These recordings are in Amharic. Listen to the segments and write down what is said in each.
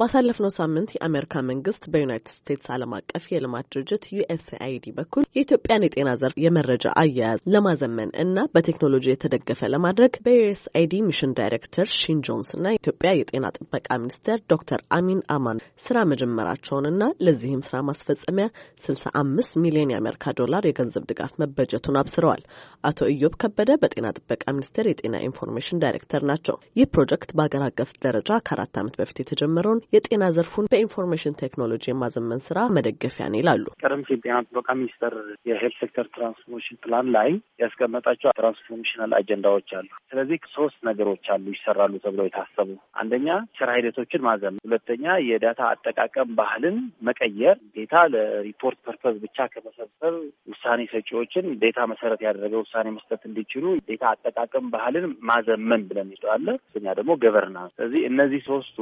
ባሳለፍነው ሳምንት የአሜሪካ መንግስት በዩናይትድ ስቴትስ ዓለም አቀፍ የልማት ድርጅት ዩኤስአይዲ በኩል የኢትዮጵያን የጤና ዘርፍ የመረጃ አያያዝ ለማዘመን እና በቴክኖሎጂ የተደገፈ ለማድረግ በዩኤስአይዲ ሚሽን ዳይሬክተር ሺን ጆንስ እና የኢትዮጵያ የጤና ጥበቃ ሚኒስቴር ዶክተር አሚን አማን ስራ መጀመራቸውንና ለዚህም ስራ ማስፈጸሚያ ስልሳ አምስት ሚሊዮን የአሜሪካ ዶላር የገንዘብ ድጋፍ መበጀቱን አብስረዋል። አቶ ኢዮብ ከበደ በጤና ጥበቃ ሚኒስቴር የጤና ኢንፎርሜሽን ዳይሬክተር ናቸው። ይህ ፕሮጀክት በአገር አቀፍ ደረጃ ከአራት ዓመት በፊት የተጀመረውን የጤና ዘርፉን በኢንፎርሜሽን ቴክኖሎጂ የማዘመን ስራ መደገፊያ ነው ይላሉ። ቀደም ሲል ጤና ጥበቃ ሚኒስቴር የሄልት ሴክተር ትራንስፎርሜሽን ፕላን ላይ ያስቀመጣቸው ትራንስፎርሜሽናል አጀንዳዎች አሉ። ስለዚህ ሶስት ነገሮች አሉ ይሰራሉ ተብለው የታሰቡ አንደኛ ስራ ሂደቶችን ማዘመን፣ ሁለተኛ የዳታ አጠቃቀም ባህልን መቀየር፣ ዴታ ለሪፖርት ፐርፐዝ ብቻ ከመሰብሰብ ውሳኔ ሰጪዎችን ዴታ መሰረት ያደረገ ውሳኔ መስጠት እንዲችሉ ዴታ አጠቃቀም ባህልን ማዘመን ብለን ይለዋለ። እኛ ደግሞ ገቨርናንስ። ስለዚህ እነዚህ ሶስቱ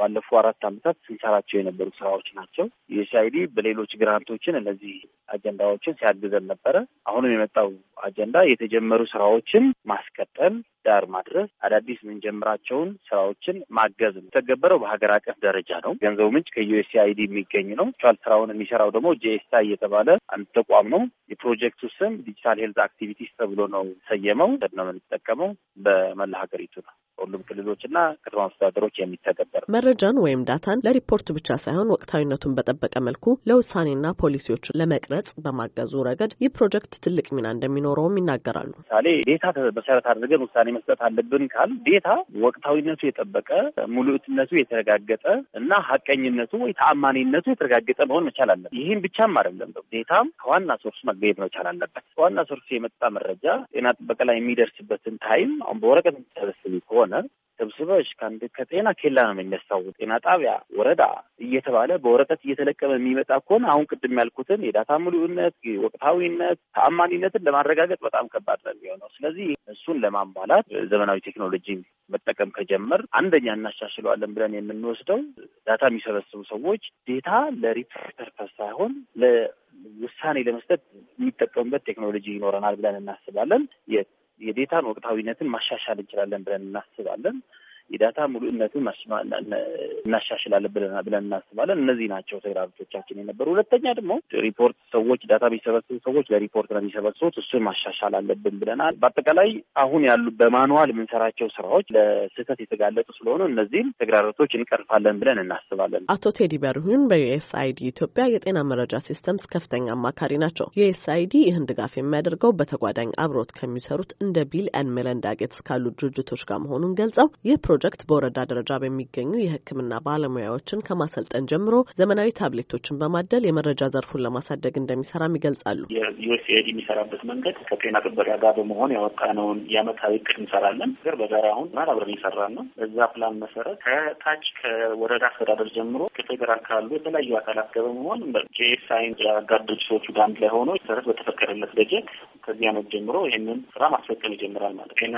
ባለፉ አራት ዓመታት ስንሰራቸው የነበሩ ስራዎች ናቸው። ዩኤስአይዲ በሌሎች ግራንቶችን እነዚህ አጀንዳዎችን ሲያግዘን ነበረ። አሁንም የመጣው አጀንዳ የተጀመሩ ስራዎችን ማስቀጠል ዳር ማድረስ፣ አዳዲስ የምንጀምራቸውን ስራዎችን ማገዝ ነው። የተገበረው በሀገር አቀፍ ደረጃ ነው። ገንዘቡ ምንጭ ከዩኤስአይዲ የሚገኝ ነው። ቻል ስራውን የሚሰራው ደግሞ ጂኤስአይ የተባለ አንድ ተቋም ነው። የፕሮጀክቱ ስም ዲጂታል ሄልዝ አክቲቪቲስ ተብሎ ነው ሰየመው። ነው የምንጠቀመው በመላ ሀገሪቱ ነው ሁሉም ክልሎችና ከተማ አስተዳደሮች የሚተገበር መረጃን ወይም ዳታን ለሪፖርት ብቻ ሳይሆን ወቅታዊነቱን በጠበቀ መልኩ ለውሳኔና ፖሊሲዎች ለመቅረጽ በማገዙ ረገድ ይህ ፕሮጀክት ትልቅ ሚና እንደሚኖረውም ይናገራሉ። ምሳሌ ዴታ መሰረት አድርገን ውሳኔ መስጠት አለብን ካል ዴታ ወቅታዊነቱ የጠበቀ ሙሉእትነቱ የተረጋገጠ እና ሀቀኝነቱ ወይ ተአማኒነቱ የተረጋገጠ መሆን መቻል አለበት። ይህም ብቻም አይደለም፣ ዴታም ከዋና ሶርሱ መገኘት መቻል አለበት። ከዋና ሶርሱ የመጣ መረጃ ጤና ጥበቃ ላይ የሚደርስበትን ታይም አሁን በወረቀት የሚሰበስብ ከሆነ ስብስቦች ከአንድ ከጤና ኬላ ነው የሚነሳው ጤና ጣቢያ፣ ወረዳ እየተባለ በወረቀት እየተለቀመ የሚመጣ ከሆነ አሁን ቅድም ያልኩትን የዳታ ሙሉነት፣ ወቅታዊነት፣ ተአማኒነትን ለማረጋገጥ በጣም ከባድ ነው የሚሆነው። ስለዚህ እሱን ለማሟላት ዘመናዊ ቴክኖሎጂ መጠቀም ከጀመር አንደኛ እናሻሽለዋለን ብለን የምንወስደው ዳታ የሚሰበስቡ ሰዎች ዴታ ለሪሰርች ሳይሆን ለውሳኔ ለመስጠት የሚጠቀሙበት ቴክኖሎጂ ይኖረናል ብለን እናስባለን። የዴታን ወቅታዊነትን ማሻሻል እንችላለን ብለን እናስባለን። የዳታ ሙሉእነቱን እናሻሽላለን ብለን እናስባለን። እነዚህ ናቸው ተግዳሮቶቻችን የነበሩ። ሁለተኛ ደግሞ ሪፖርት ሰዎች ዳታ የሚሰበስቡ ሰዎች ለሪፖርት ነው የሚሰበስቡት። እሱን ማሻሻል አለብን ብለናል። በአጠቃላይ አሁን ያሉ በማኑዋል የምንሰራቸው ስራዎች ለስህተት የተጋለጡ ስለሆኑ እነዚህም ተግዳሮቶች እንቀርፋለን ብለን እናስባለን። አቶ ቴዲ በርሁን በዩኤስአይዲ ኢትዮጵያ የጤና መረጃ ሲስተምስ ከፍተኛ አማካሪ ናቸው። ዩኤስአይዲ ይህን ድጋፍ የሚያደርገው በተጓዳኝ አብሮት ከሚሰሩት እንደ ቢል ኤንድ ሜለንዳ ጌትስ ካሉ ድርጅቶች ጋር መሆኑን ገልጸው ይህ ፕሮጀክት በወረዳ ደረጃ በሚገኙ የሕክምና ባለሙያዎችን ከማሰልጠን ጀምሮ ዘመናዊ ታብሌቶችን በማደል የመረጃ ዘርፉን ለማሳደግ እንደሚሰራም ይገልጻሉ። የዩኤስኤድ የሚሰራበት መንገድ ከጤና ጥበቃ ጋር በመሆን ያወጣነውን የአመታዊ እቅድ እንሰራለን። ነገር በጋራ አሁን ና አብረን እየሰራን ነው። በዛ ፕላን መሰረት ከታች ከወረዳ አስተዳደር ጀምሮ ከፌዴራል ካሉ የተለያዩ አካላት ጋር በመሆን ጄኤስአይን ጋር ድርጅቶቹ ጋር አንድ ላይ ሆኖ መሰረት በተፈቀደለት በጀት ከዚህ አመት ጀምሮ ይህንን ስራ ማስፈቀም ይጀምራል ማለት ጤና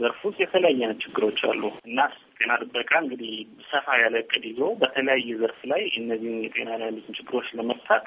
ዘርፍ ውስጥ የተለያየ አይነት ችግሮች አሉ እና ጤና ጥበቃ እንግዲህ ሰፋ ያለ እቅድ ይዞ በተለያየ ዘርፍ ላይ እነዚህን የጤና ላይ ያሉትን ችግሮች ለመፍታት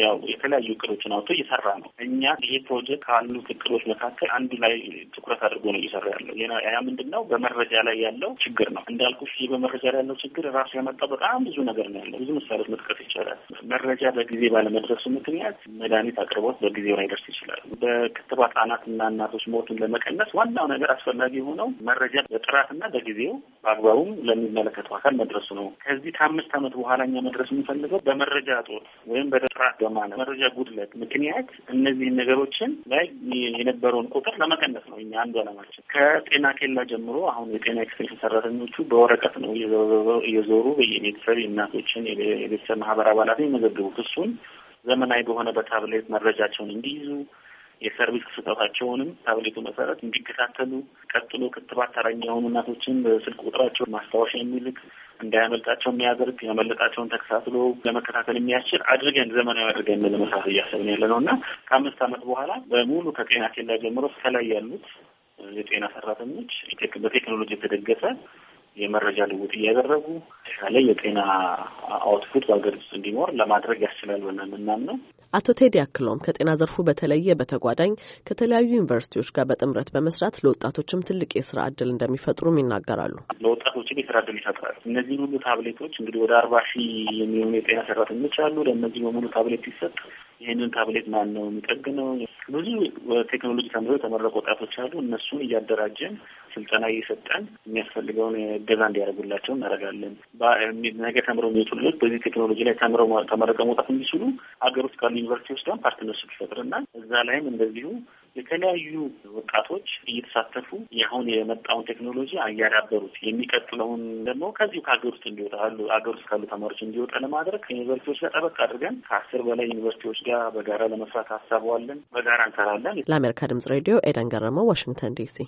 ያው የተለያዩ እቅዶችን አውጥቶ እየሰራ ነው። እኛ ይሄ ፕሮጀክት ካሉት እቅዶች መካከል አንዱ ላይ ትኩረት አድርጎ ነው እየሰራ ያለው። ያ ምንድን ነው? በመረጃ ላይ ያለው ችግር ነው እንዳልኩሽ። ይህ በመረጃ ላይ ያለው ችግር ራሱ ያመጣው በጣም ብዙ ነገር ነው ያለው። ብዙ ምሳሌዎች መጥቀስ ይቻላል። መረጃ በጊዜ ባለመድረሱ ምክንያት መድኃኒት አቅርቦት በጊዜው ላይ ደርስ ይችላል። በክትባት ህጻናትና እናቶች ሞቱን ለመቀነስ ዋናው ነገር አስፈላጊ የሆነው መረጃ በጥራትና በጊዜው በአግባቡም ለሚመለከተው አካል መድረሱ ነው። ከዚህ ከአምስት ዓመት በኋላ እኛ መድረስ የምንፈልገው በመረጃ ጦት ወይም በጥራት በሚገባ መረጃ ጉድለት ምክንያት እነዚህ ነገሮችን ላይ የነበረውን ቁጥር ለመቀነስ ነው እኛ አንዱ አለማችን ከጤና ኬላ ጀምሮ አሁን የጤና ኤክስቴንሽን ሰራተኞቹ በወረቀት ነው እየዞሩ በየቤተሰብ የእናቶችን የቤተሰብ ማህበር አባላትን የመዘግቡት እሱን ዘመናዊ በሆነ በታብሌት መረጃቸውን እንዲይዙ የሰርቪስ ስጠታቸውንም ታብሌቱ መሰረት እንዲከታተሉ ቀጥሎ ክትባት ተረኛ የሆኑ እናቶችን በስልክ ቁጥራቸው ማስታወሻ የሚልክ እንዳያመልጣቸው የሚያደርግ ያመለጣቸውን ተከታትሎ ለመከታተል የሚያስችል አድርገን ዘመናዊ አድርገን ለመስራት እያሰብን ያለ ነው እና ከአምስት ዓመት በኋላ በሙሉ ከጤና ኬላ ጀምሮ ከላይ ያሉት የጤና ሰራተኞች በቴክኖሎጂ የተደገፈ የመረጃ ልውውጥ እያደረጉ የተሻለ የጤና አውትፑት በሀገር ውስጥ እንዲኖር ለማድረግ ያስችላል ብለን የምናምነው። አቶ ቴዲ አክሎም ከጤና ዘርፉ በተለየ በተጓዳኝ ከተለያዩ ዩኒቨርሲቲዎች ጋር በጥምረት በመስራት ለወጣቶችም ትልቅ የስራ እድል እንደሚፈጥሩም ይናገራሉ። ለወጣቶችም የስራ እድል ይፈጥራል። እነዚህ ሁሉ ታብሌቶች እንግዲህ ወደ አርባ ሺህ የሚሆኑ የጤና ሰራተኞች አሉ። ለእነዚህ በሙሉ ታብሌት ሲሰጥ ይህንን ታብሌት ማን ነው የሚጠግነው? ብዙ ቴክኖሎጂ ተምረው የተመረቁ ወጣቶች አሉ። እነሱን እያደራጀን ስልጠና እየሰጠን የሚያስፈልገውን እገዛ እንዲያደርጉላቸው እናደርጋለን። ነገ ተምረው የሚወጡ ልጆች በዚህ ቴክኖሎጂ ላይ ተምረው ተመረቀ መውጣት እንዲችሉ ሀገር ውስጥ ካሉ ዩኒቨርሲቲዎች ውስጥ ፓርትነርሽፕ ፈጥረናል። እዛ ላይም እንደዚሁ የተለያዩ ወጣቶች እየተሳተፉ አሁን የመጣውን ቴክኖሎጂ እያዳበሩት የሚቀጥለውን ደግሞ ከዚሁ ከሀገር ውስጥ እንዲወጣ ሀገር ውስጥ ካሉ ተማሪዎች እንዲወጣ ለማድረግ ከዩኒቨርሲቲዎች ጋር ጠበቅ አድርገን ከአስር በላይ ዩኒቨርሲቲዎች ጋር በጋራ ለመስራት ሀሳቧለን፣ በጋራ እንሰራለን። ለአሜሪካ ድምጽ ሬዲዮ ኤደን ገረመው፣ ዋሽንግተን ዲሲ